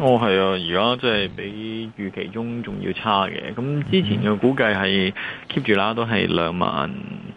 哦，係啊，而家即係比預期中仲要差嘅。咁之前嘅估計係 keep 住啦，都係兩萬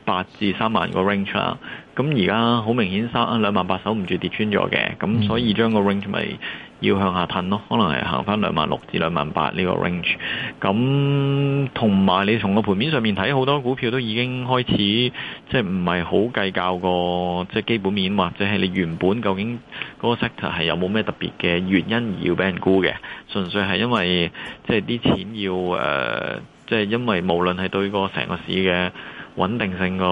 八至三萬個 range 啦。咁而家好明顯三兩萬八守唔住，跌穿咗嘅，咁所以將個 range 咪、就是、～要向下褪咯，可能係行翻兩萬六至兩萬八呢個 range。咁同埋你從個盤面上面睇，好多股票都已經開始，即係唔係好計較個即係基本面，或者係你原本究竟嗰個 sector 係有冇咩特別嘅原因而要俾人沽嘅，純粹係因為即係啲錢要誒，即係因為無論係對個成個市嘅。穩定性個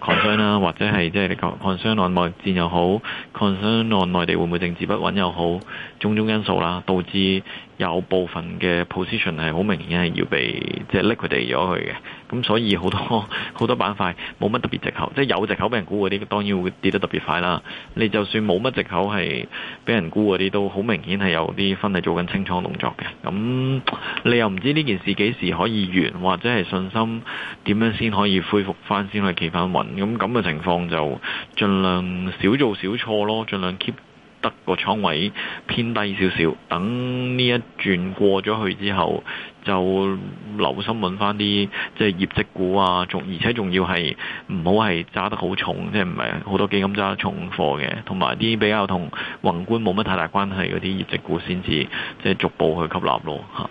concern 啦，或者係即係，concern 內戰又好，concern 內地會唔會政治不穩又好，種種因素啦，導致有部分嘅 position 係好明顯係要被即係，liquidate 佢哋咗去嘅。就是咁、嗯、所以好多好多板塊冇乜特別借口，即係有借口俾人沽嗰啲，當然會跌得特別快啦。你就算冇乜借口係俾人沽嗰啲，都好明顯係有啲分係做緊清倉動作嘅。咁、嗯、你又唔知呢件事幾時可以完，或者係信心點樣先可以恢復翻，先可以企翻穩。咁咁嘅情況就盡量少做少錯咯，盡量 keep。得個倉位偏低少少，等呢一轉過咗去之後，就留心揾翻啲即係業績股啊，仲而且仲要係唔好係揸得好重，即係唔係好多基金揸得重貨嘅，同埋啲比較同宏觀冇乜太大關係嗰啲業績股先至即係逐步去吸納咯嚇。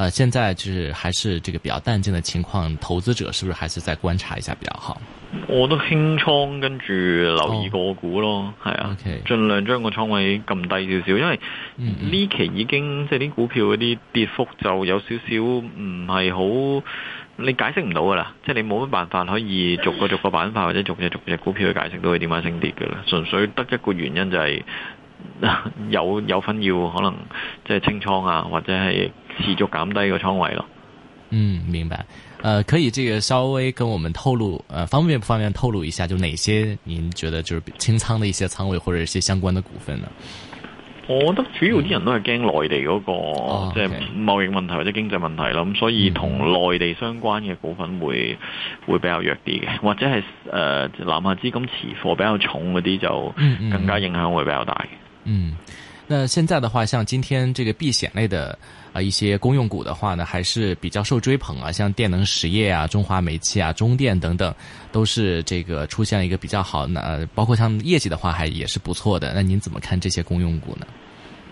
啊、呃，現在就是還是這個比較淡靜的情況，投資者是不是還是再觀察一下比較好？我都輕倉，跟住留意個股咯，係、哦、啊，盡 okay. 量將個倉位撳低少少，因為呢期已經嗯嗯即係啲股票嗰啲跌幅就有少少唔係好，你解釋唔到噶啦，即係你冇乜辦法可以逐個逐個板塊或者逐隻逐隻股票去解釋到佢點樣升跌噶啦，純粹得一個原因就係、是。 有有份要可能即係清倉啊，或者係持續減低個倉位咯。嗯，明白。誒、呃，可以即係稍微跟我們透露，誒、呃，方便不方便透露一下，就哪些您覺得就是清倉的一些倉位或者係相關的股份呢、啊？我覺得主要啲人都係驚內地嗰個即係貿易問題或者經濟問題啦，咁、嗯啊 okay. 所以同內地相關嘅股份會、嗯、會比較弱啲嘅，或者係誒、呃、南下資金持貨比較重嗰啲就更加影響會比較大。嗯嗯嗯，那現在的話，像今天這個避險類的啊、呃、一些公用股的話呢，還是比較受追捧啊，像電能實業啊、中華煤氣啊、中電等等，都是這個出現了一個比較好，那包括像業績的話，還也是不錯的。那您怎麼看這些公用股呢？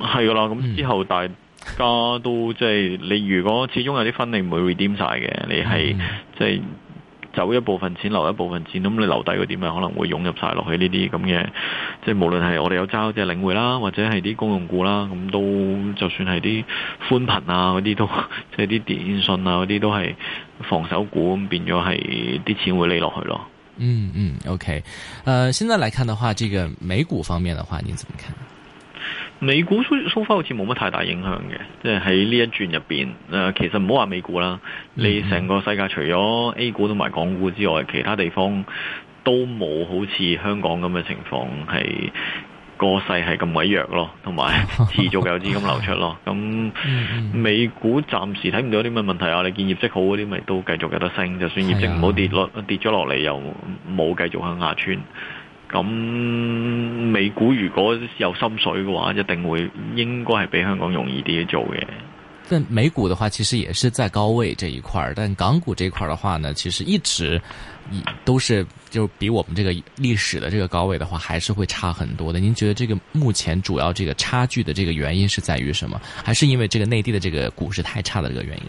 係噶啦，咁之後大家都、嗯、即係你如果始終有啲分你唔會 redeem 晒嘅，你係、嗯、即係。走一部分錢，留一部分錢，咁你留低嗰啲咪可能會湧入晒落去呢啲咁嘅，即係無論係我哋有揸隻領匯啦，或者係啲公用股啦，咁都就算係啲寬頻啊嗰啲，都即係啲電信啊嗰啲都係防守股，變咗係啲錢會匿落去咯。嗯嗯，OK，誒、呃，現在來看的話，這個美股方面的話，你怎麼看？美股 so so far，好似冇乜太大影響嘅，即係喺呢一轉入邊，誒、呃，其實唔好話美股啦，嗯、你成個世界除咗 A 股同埋港股之外，其他地方都冇好似香港咁嘅情況係個勢係咁萎弱咯，同埋持續有資金流出咯。咁、 嗯嗯、美股暫時睇唔到啲咩問題啊，你見業績好嗰啲咪都繼續有得升，就算業績唔好跌落跌咗落嚟，又冇繼續向下穿。咁美股如果有心水嘅話，一定會應該係比香港容易啲做嘅。但美股的話，其實也是在高位這一塊，但港股這一塊的話呢，其實一直都是就比我們這個歷史的這個高位的話，還是會差很多的。您覺得這個目前主要這個差距的這個原因是在於什麼？還是因為這個內地的這個股市太差的這個原因？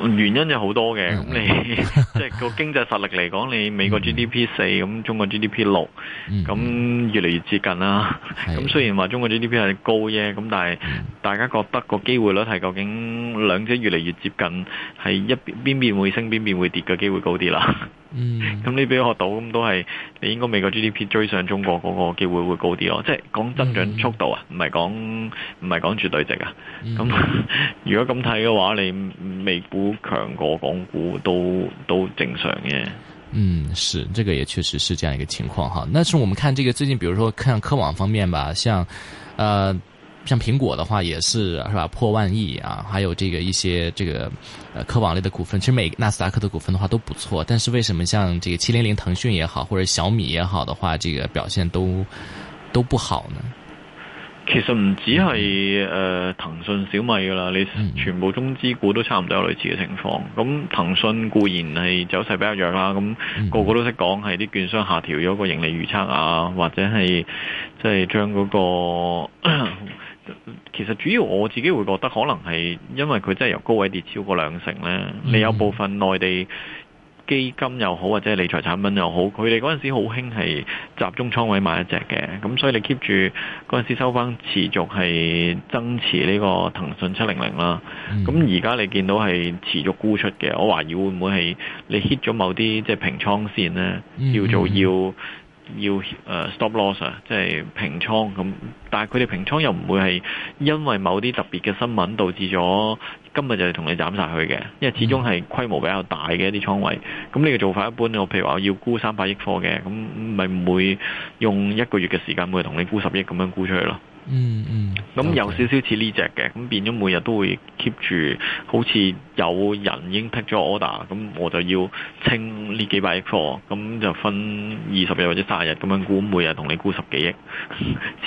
嗯、原因有好多嘅，咁、嗯、你 即係個經濟實力嚟講，你美國 GDP 四，咁中國 GDP 六，咁越嚟越接近啦。咁、嗯嗯、 雖然話中國 GDP 係高啫，咁但係大家覺得個機會率係究竟兩者越嚟越接近，係一邊邊會升，邊邊會跌嘅機會高啲啦、嗯。嗯，咁呢邊我學到，咁都係。你應該美國 GDP 追上中國嗰、那個機會會高啲咯，即係講增長速度啊，唔係講唔係講絕對值啊。咁、嗯嗯、 如果咁睇嘅話，你美股強過港股都都正常嘅。嗯，是，這個也確實是這樣一個情況哈。但是我們看這個最近，比如說，看科網方面吧，像，呃。像蘋果的話也是是吧破萬億啊，還有這個一些這個，科網類的股份，其實每個納斯達克的股份的話都不錯，但是為什麼像這個七零零騰訊也好或者小米也好的話，這個表現都都不好呢？其實唔止係誒騰訊小米㗎喇，你全部中資股都差唔多有類似嘅情況。咁、嗯、騰訊固然係走勢比較弱啦，咁、那個個都識講係啲券商下調咗一個盈利預測啊，或者係即係將嗰、那個。其實主要我自己會覺得可能係因為佢真係由高位跌超過兩成呢。嗯、你有部分內地基金又好，或者理財產品又好，佢哋嗰陣時好興係集中倉位買一隻嘅，咁所以你 keep 住嗰陣時收翻持續係增持呢個騰訊七零零啦。咁而家你見到係持續沽出嘅，我懷疑會唔會係你 hit 咗某啲即係平倉線呢，叫做要。要誒 stop loss 啊，即係平倉，咁，但係佢哋平倉又唔會係因為某啲特別嘅新聞導致咗今日就同你斬晒佢嘅，因為始終係規模比較大嘅一啲倉位，咁你嘅做法一般，我譬如話我要沽三百億貨嘅，咁咪唔會用一個月嘅時間會同你沽十億咁樣沽出去咯。嗯嗯，咁、嗯、 有少少似呢隻嘅，咁變咗每日都會 keep 住，好似有人已經 take 咗 order，咁我就要清呢幾百億貨，咁就分二十日或者卅日咁樣沽，每日同你沽十幾億，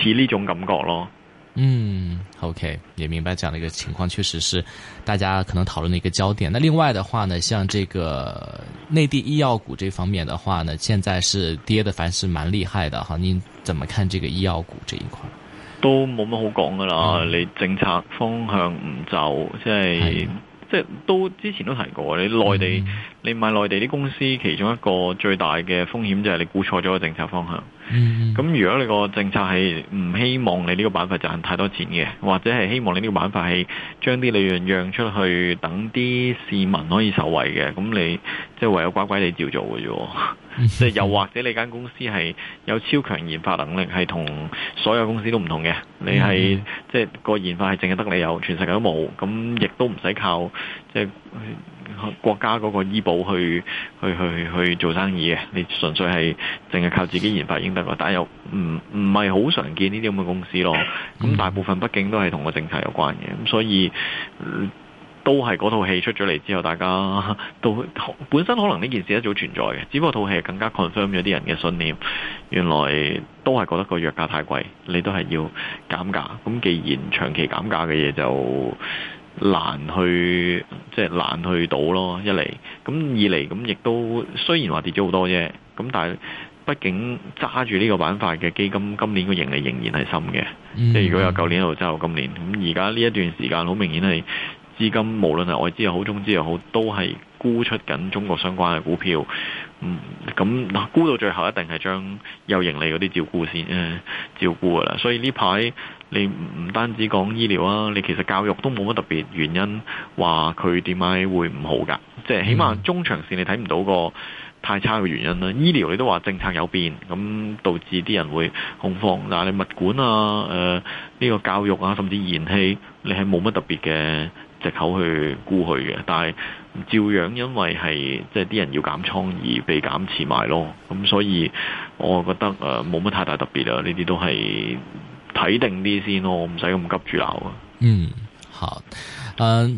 似呢種感覺咯。嗯，OK，你明白講呢個情況，確實是大家可能討論的一個焦點。那另外的話呢，像這個內地醫藥股這方面的話呢，現在是跌得還是蠻厲害的，哈，你怎麼看這個醫藥股這一塊？都冇乜好講㗎喇，嗯、你政策方向唔就，即係是的 即係都之前都提過，你內地、嗯、你買內地啲公司，其中一個最大嘅風險就係你估錯咗個政策方向。嗯，咁、mm hmm. 如果你個政策係唔希望你呢個板塊賺太多錢嘅，或者係希望你呢個板塊係將啲利潤讓出去，等啲市民可以受惠嘅，咁你即係、就是、唯有乖乖地照做嘅啫。即 係、mm hmm. 又或者你間公司係有超強研發能力，係同所有公司都唔同嘅，你係即係個研發係淨係得你有，全世界都冇，咁亦都唔使靠即係。就是國家嗰個醫保去去去去做生意嘅，你純粹係淨係靠自己研發已經得啦。但係又唔唔係好常見呢啲咁嘅公司咯。咁大部分畢竟都係同個政策有關嘅，咁所以、嗯、都係嗰套戲出咗嚟之後，大家都本身可能呢件事一早存在嘅，只不過套戲更加 confirm 咗啲人嘅信念。原來都係覺得個藥價太貴，你都係要減價。咁既然長期減價嘅嘢就。難去即係難去到咯，一嚟咁，二嚟咁，亦都雖然話跌咗好多啫，咁但係畢竟揸住呢個板塊嘅基金，今年個盈利仍然係深嘅。嗯、即係如果有舊年到之後今年，咁而家呢一段時間好明顯係資金無論係外資又好，中資又好，都係沽出緊中國相關嘅股票。咁嗱，沽、嗯、到最後一定係將有盈利嗰啲照顧先，誒、呃、照顧㗎啦。所以呢排你唔單止講醫療啊，你其實教育都冇乜特別原因話佢點解會唔好㗎。即係起碼中長線你睇唔到個太差嘅原因啦。醫療你都話政策有變，咁導致啲人會恐慌。嗱，你物管啊，誒、呃、呢、這個教育啊，甚至燃氣，你係冇乜特別嘅。只口去估佢嘅，但係照樣，因為係即係啲人要減倉而被減持埋咯，咁所以我覺得誒冇乜太大特別啊，呢啲都係睇定啲先咯，我唔使咁急住鬧啊。嗯，好，uh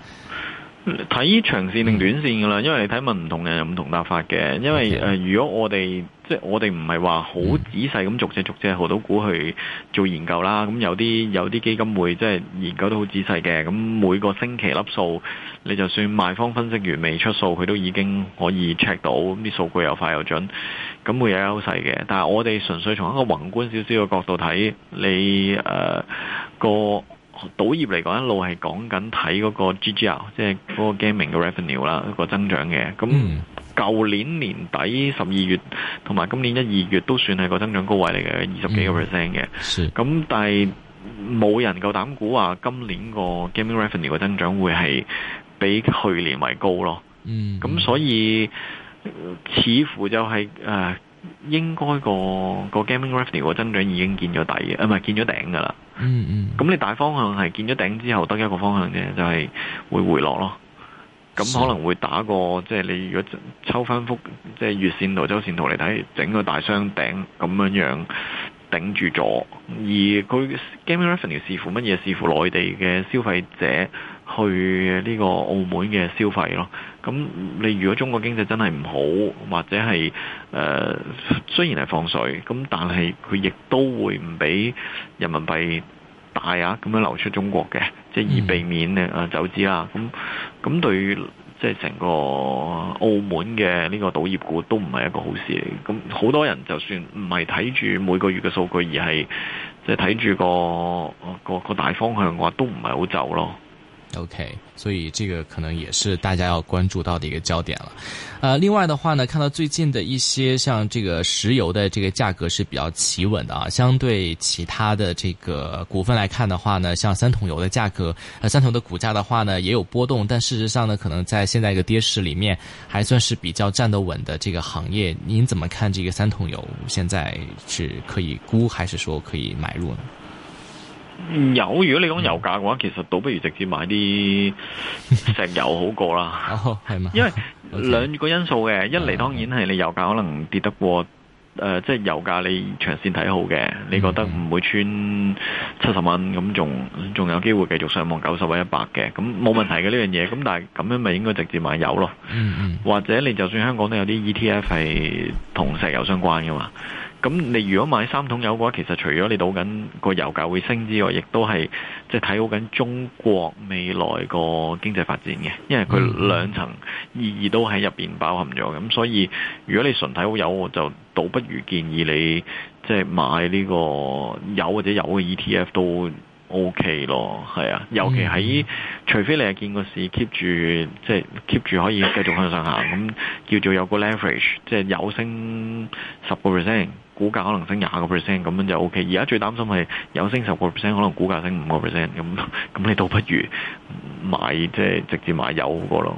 睇長線定短線噶啦，因為你睇問唔同人有唔同答法嘅。因為誒、呃，如果我哋即係我哋唔係話好仔細咁逐隻逐隻河到股去做研究啦。咁有啲有啲基金會即係研究得好仔細嘅。咁每個星期粒數，你就算賣方分析完未出數，佢都已經可以 check 到，咁啲數據又快又準，咁會有優勢嘅。但係我哋純粹從一個宏觀少少嘅角度睇，你誒、呃、個。賭業嚟講，一路係講緊睇嗰個 GGR，個 g r 即係嗰個 gaming 嘅 revenue 啦，嗰個增長嘅。咁舊年年底十二月同埋今年一二月都算係個增長高位嚟嘅，二十幾個 percent 嘅。咁、嗯、但係冇人夠膽估話今年個 gaming revenue 嘅增長會係比去年為高咯。咁所以似乎就係、是、誒。呃應該、那個個 gaming revenue 個增長已經見咗底，啊唔係見咗頂噶啦。嗯嗯，咁、mm hmm. 你大方向係見咗頂之後得一個方向啫，就係、是、會回落咯。咁可能會打個即係你如果抽翻幅，即係月線圖、周線圖嚟睇，整個大箱頂咁樣樣頂住咗。而佢 gaming revenue 視乎乜嘢，視乎內地嘅消費者。去呢個澳門嘅消費咯，咁你如果中國經濟真係唔好，或者係誒、呃、雖然係放水，咁但係佢亦都會唔俾人民幣大額咁樣流出中國嘅，即係避免咧走資啦。咁咁對即係成個澳門嘅呢個賭業股都唔係一個好事嚟。咁好多人就算唔係睇住每個月嘅數據，而係就係，而係即係睇住個個個大方向嘅話，都唔係好走咯。OK 所以這個可能也是大家要關注到的一個焦點了，呃，另外的話呢，看到最近的一些像這個石油的這個價格是比較企穩的啊，相對其他的這個股份來看的話呢，像三桶油的價格，啊、呃、三桶油的股價的話呢也有波動，但事實上呢可能在現在一個跌勢裏面還算是比較站得穩的這個行業，您怎麼看這個三桶油現在是可以沽，還是說可以買入呢？有，如果你講油價嘅話，其實倒不如直接買啲石油好過啦，係嘛？因為兩個因素嘅，像一嚟當然係你油價可能跌得過，誒、啊，即係、呃就是、油價你長線睇好嘅，嗯、你覺得唔會穿七十蚊，咁仲仲有機會繼續上望九十或者一百嘅，咁冇問題嘅呢、嗯、樣嘢。咁但係咁樣咪應該直接買油咯，嗯嗯、或者你就算香港都有啲 ETF 係同石油相關噶嘛。咁你如果買三桶油嘅話，其實除咗你睇好緊個油價會升之外，亦都係即係睇好緊中國未來個經濟發展嘅，因為佢兩層意義都喺入邊包含咗。咁、嗯、所以如果你純睇好油，我就倒不如建議你即係、就是、買呢個油或者油嘅 ETF 都 OK 咯，係啊，尤其喺、嗯、除非你係見個市 keep 住即係 keep 住可以繼續向上行，咁叫做有個 leverage，即係有升十個 percent。股價可能升廿個 percent 咁樣就 OK，而家最擔心係有升十個 percent，可能股價升五個 percent，咁咁你倒不如買即係直接買有個咯。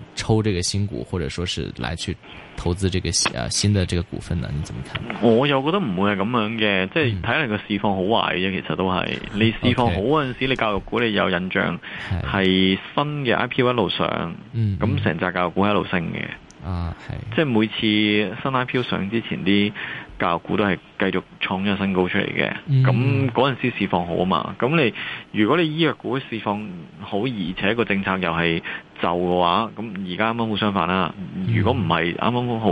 抽這個新股或者說是來去投資這個新的這個股份呢？你怎麼睇？我又覺得唔會係咁樣嘅，即係睇嚟個市況好壞嘅，其實都係你市況好嗰陣時，你，時 Okay. 你教育股你有印象係新嘅 IPO 一路上，咁成紮教育股一路升嘅啊，係即係每次新 IPO 上之前啲教育股都係繼續創咗新高出嚟嘅，咁嗰陣時市況好啊嘛，咁你如果你醫藥股市況好，而且個政策又係。就嘅話，咁而家啱啱好相反啦。如果唔係啱啱好，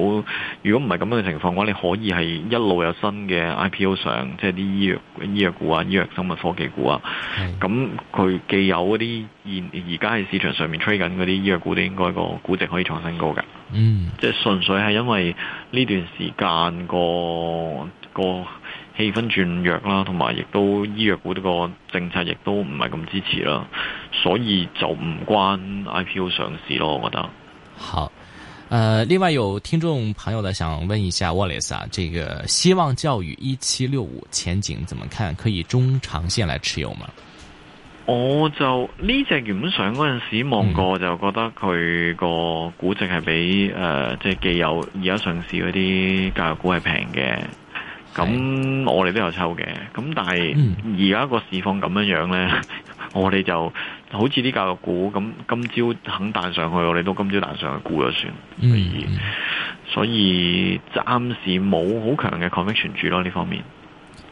如果唔係咁樣嘅情況嘅話，你可以係一路有新嘅 IPO 上，即係啲醫藥醫藥股啊、醫藥生物科技股啊。咁佢是、嗯、既有嗰啲現而家喺市場上面吹緊嗰啲醫藥股，都應該個估值可以創新高嘅。嗯，即係純粹係因為呢段時間個個。個氣氛轉弱啦，同埋亦都醫藥股呢個政策亦都唔係咁支持啦，所以就唔關 IPO 上市咯，我覺得。好，誒、呃，另外有聽眾朋友咧，想問一下 Wallace 啊，這個希望教育一七六五前景怎麼看？可以中長線來持有嗎？我就呢隻、這個、原本上嗰陣時望過，就覺得佢個估值係比誒、呃、即係既有而家上市嗰啲教育股係平嘅。咁我哋都有抽嘅，咁但係而家個市況咁樣樣咧，嗯、我哋就好似啲教育股咁，今朝肯彈上去，我哋都今朝彈上去估咗算。所以暫、嗯嗯、時冇好強嘅 conviction 存住咯呢方面。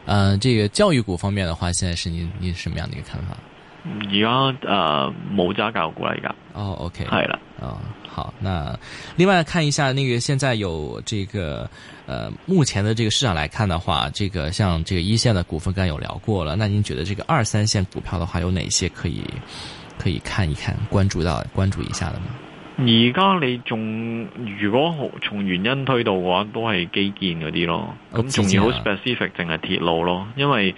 啊、呃，這個教育股方面嘅話，現在是你你什麼樣嘅一個看法？而家誒冇揸教育股啦，而家。哦，OK，係啦的，啊、哦、好，那另外看一下呢個現在有、這個。呃，目前的這個市場來看的話，這個像這個一線的股份，剛才有聊過了。那您覺得這個二三線股票的話，有哪些可以可以看一看、關注到、關注一下的嗎？而家你仲如果從原因推導嘅話，都係基建嗰啲咯。咁仲要好 specific 淨係鐵路咯，因為。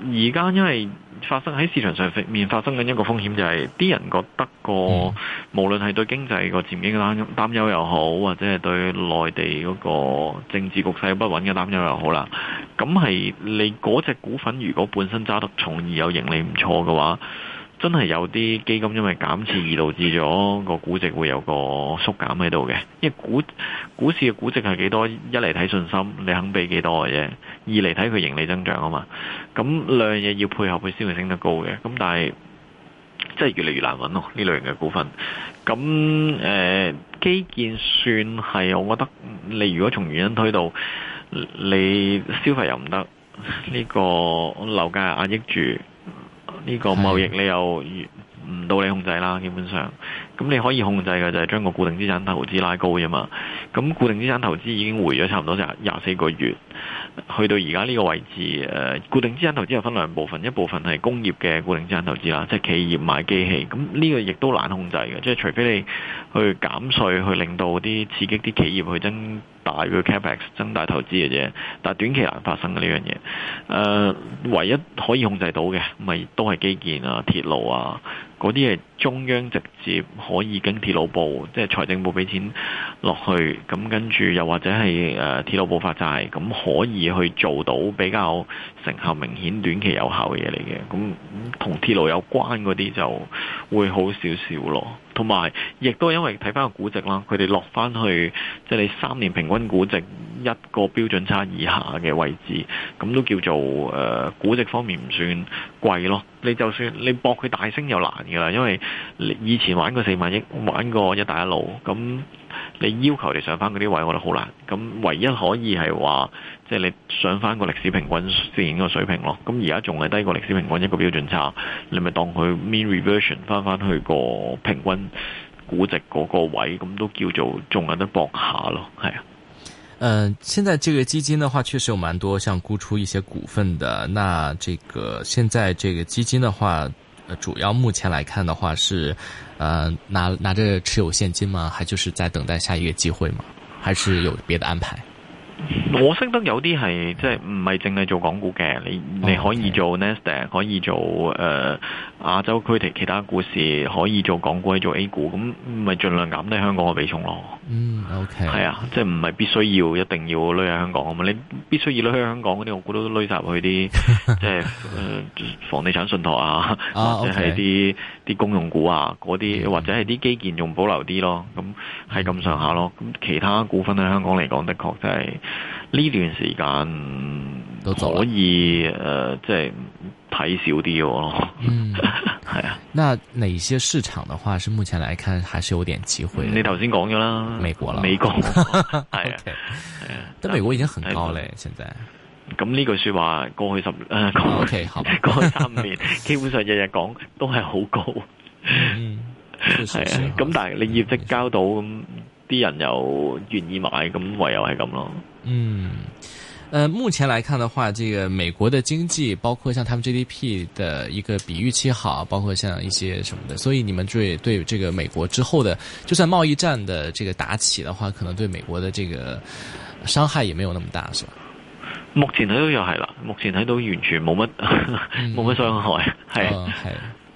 而家因為發生喺市場上面發生緊一個風險，就是，就係啲人覺得個無論係對經濟個前景嘅擔擔憂又好，或者係對內地嗰個政治局勢不穩嘅擔憂又好啦，咁係你嗰隻股份如果本身揸得重而有盈利唔錯嘅話。真係有啲基金因為減持而導致咗個估值會有個縮減喺度嘅，因為股股市嘅估值係幾多？一嚟睇信心，你肯俾幾多嘅啫；二嚟睇佢盈利增長啊嘛。咁兩樣嘢要配合，佢先會升得高嘅。咁但係即係越嚟越難揾咯呢類型嘅股份。咁誒、呃，基建算係我覺得你如果從原因推到，你消費又唔得，呢、這個樓價壓抑住。呢個貿易你又唔到你控制啦，基本上，咁你可以控制嘅就係將個固定資產投資拉高啫嘛。咁固定資產投資已經回咗差唔多廿四個月，去到而家呢個位置，固定資產投資又分兩部分，一部分係工業嘅固定資產投資啦，即係企業買機器，咁呢個亦都難控制嘅，即係除非你去減稅去令到啲刺激啲企業去增。大嘅 capex 增大投資嘅啫，但係短期難發生嘅呢樣嘢。誒、呃，唯一可以控制到嘅咪都係基建啊、鐵路啊。嗰啲係中央直接可以經鐵路部，即係財政部俾錢落去，咁跟住又或者係誒鐵路部發債，咁可以去做到比較成效明顯、短期有效嘅嘢嚟嘅。咁同鐵路有關嗰啲就會好少少咯。同埋亦都因為睇翻個估值啦，佢哋落翻去即係你三年平均估值一個標準差以下嘅位置，咁都叫做誒估值方面唔算貴咯。你就算你搏佢大升又難嘅啦，因為你以前玩過四萬億，玩過一帶一路，咁你要求你上返嗰啲位，我哋好難。咁唯一可以係話，即係你上返個歷史平均線嗰個水平咯。咁而家仲係低過歷史平均一個標準差，你咪當佢 mean reversion 翻返去個平均估值嗰個位，咁都叫做仲有得搏下咯，係啊。嗯、呃，現在這個基金的話確實有蠻多，像沽出一些股份的。那這個現在這個基金的話、呃，主要目前來看的話是，呃，拿拿着持有現金嘛，還就是在等待下一個機會嘛，還是有別的安排？我識得有啲係即係唔係淨係做港股嘅，你、哦、你可以做 Nasdaq，可以做誒。呃亞洲區其他股市可以做港股，做 A 股，咁咪盡量減低香港嘅比重咯。嗯，OK，係啊，即係唔係必須要，一定要攞喺香港啊嘛？你必須要攞喺香港嗰啲，我估都攞晒去啲，即係、 就是呃、房地產信託啊，啊 okay. 或者係啲啲公用股啊，嗰啲、嗯、或者係啲基建，仲保留啲咯。咁係咁上下咯。咁、嗯、其他股份喺香港嚟講，的確就係、是。呢段時間都可以誒，即係睇少啲咯。嗯，係啊。那哪些市場的話，是目前來看還是有點機會？你頭先講咗啦，美國啦，美國係啊。但美國已經很高咧，現在。咁呢句說話過去十誒，過去三年基本上日日講都係好高。嗯，係啊。咁但係你業績交到，咁啲人又願意買，咁唯有係咁咯。嗯，呃，目前來看的話，這個美國的經濟，包括像他們 GDP 的一個比預期好，包括像一些什麼的，所以你們對對這個美國之後的，就算貿易戰的這個打起的話，可能對美國的這個傷害也沒有那麼大，是吧？目前睇到又係啦，目前睇到完全冇乜冇乜傷害，係係、嗯是嗯。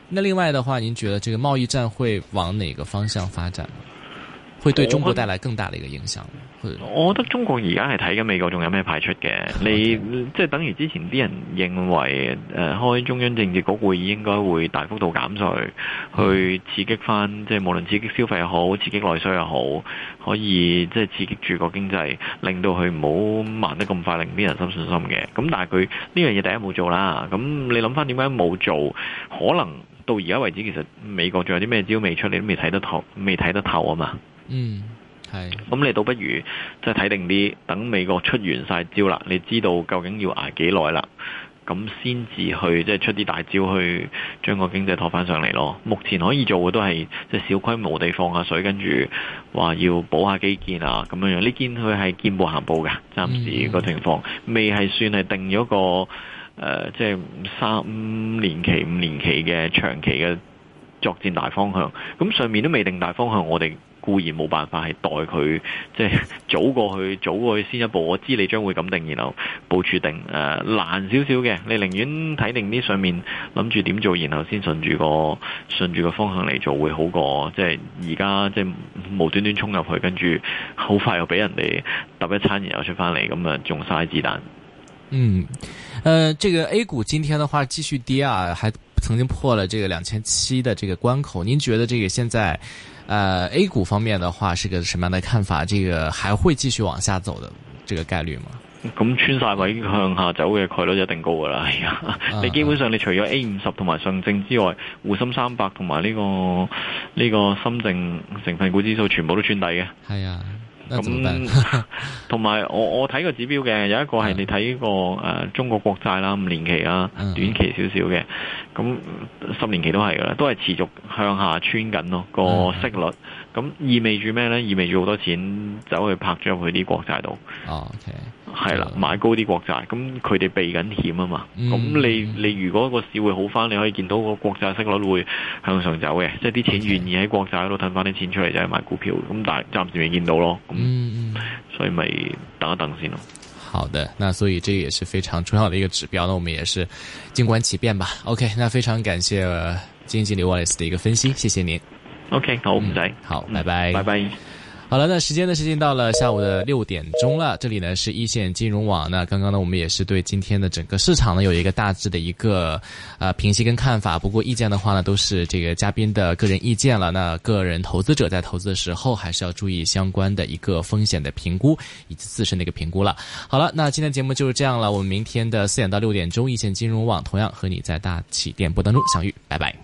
那另外的話，您覺得這個貿易戰會往哪個方向發展？會對中國帶來更大的一個影響嗎？我覺得中國而家係睇緊美國仲有咩派出嘅，Okay. 你即係等於之前啲人認為誒、呃、開中央政治局會議應該會大幅度減稅，去刺激翻，即係無論刺激消費又好，刺激內需又好，可以即係刺激住個經濟，令到佢唔好慢得咁快，令啲人心信心嘅。咁但係佢呢樣嘢第一冇做啦，咁你諗翻點解冇做？可能到而家為止，其實美國仲有啲咩招未出你都未睇得透，未睇得透啊嘛。嗯。咁、嗯、你倒不如即係睇定啲，等美國出完晒招啦，你知道究竟要挨幾耐啦，咁先至去即係、就是、出啲大招去將個經濟拖翻上嚟咯。目前可以做嘅都係即係小規模地放下水，跟住話要補下基建啊咁樣樣呢邊佢係見步行步嘅，暫時情、嗯、是是個情況未係算係定咗個誒即係三年期、五年期嘅長期嘅作戰大方向。咁上面都未定大方向，我哋。固然冇辦法係代佢，即係早過去，早過去先一步。我知你將會咁定，然後部署定。誒、呃，難少少嘅，你寧願睇定啲上面，諗住點做，然後先順住個順住個方向嚟做，會好過即係而家即係無端端衝入去，跟住好快又俾人哋揼一餐，然後出翻嚟，咁啊，中晒子彈。嗯，誒、呃，這個 A 股今天的話繼續跌啊，還曾經破了這個兩千七的這個關口。您覺得這個現在？誒、uh，A 股方面嘅話是個什麼樣的看法？這個還會繼續往下走的，這個概率嗎？咁穿晒位向下走嘅概率就一定高噶啦，而、嗯、家 你基本上你除咗 A 五十同埋上證之外，滬深三百同埋呢個呢、這個深證成份股指數全部都穿底嘅。係啊、哎。咁，同埋我我睇個指標嘅，有一個係你睇個誒中國國債啦，五年期啦，短期少少嘅，咁 十年期都係噶啦，都係持續向下穿緊咯， 個息率。咁意味住咩咧？意味住好多錢走去拍咗入去啲國債度。哦，係、okay, 啦，買高啲國債。咁佢哋避緊險啊嘛。咁、嗯、你你如果個市會好翻，你可以見到個國債息率會向上走嘅。即係啲錢願意喺國債嗰度褪翻啲錢出嚟就係買股票。咁 okay. 但係暫時未見到咯。咁，所以咪等一等先咯。好的，那所以這也是非常重要的一個指標。那我們也是靜觀其變吧。OK，那非常感謝基經理 w a l e 的一個分析，謝謝您。OK，好，我們再，好，拜拜，拜拜，好了，那時間呢，時間到了下午的六點鐘了，這裏呢是一線金融網，那剛剛呢我們也是對今天的整個市場呢有一個大致的一個，呃，評析跟看法，不過意見的話呢都是這個嘉賓的個人意見了，那個人投資者在投資的時候還是要注意相關的一個風險的評估以及自身的一個評估了，好了，那今天的節目就是這樣了，我們明天的四點到六點鐘一線金融網同樣和你在大氣電波當中相遇，拜拜。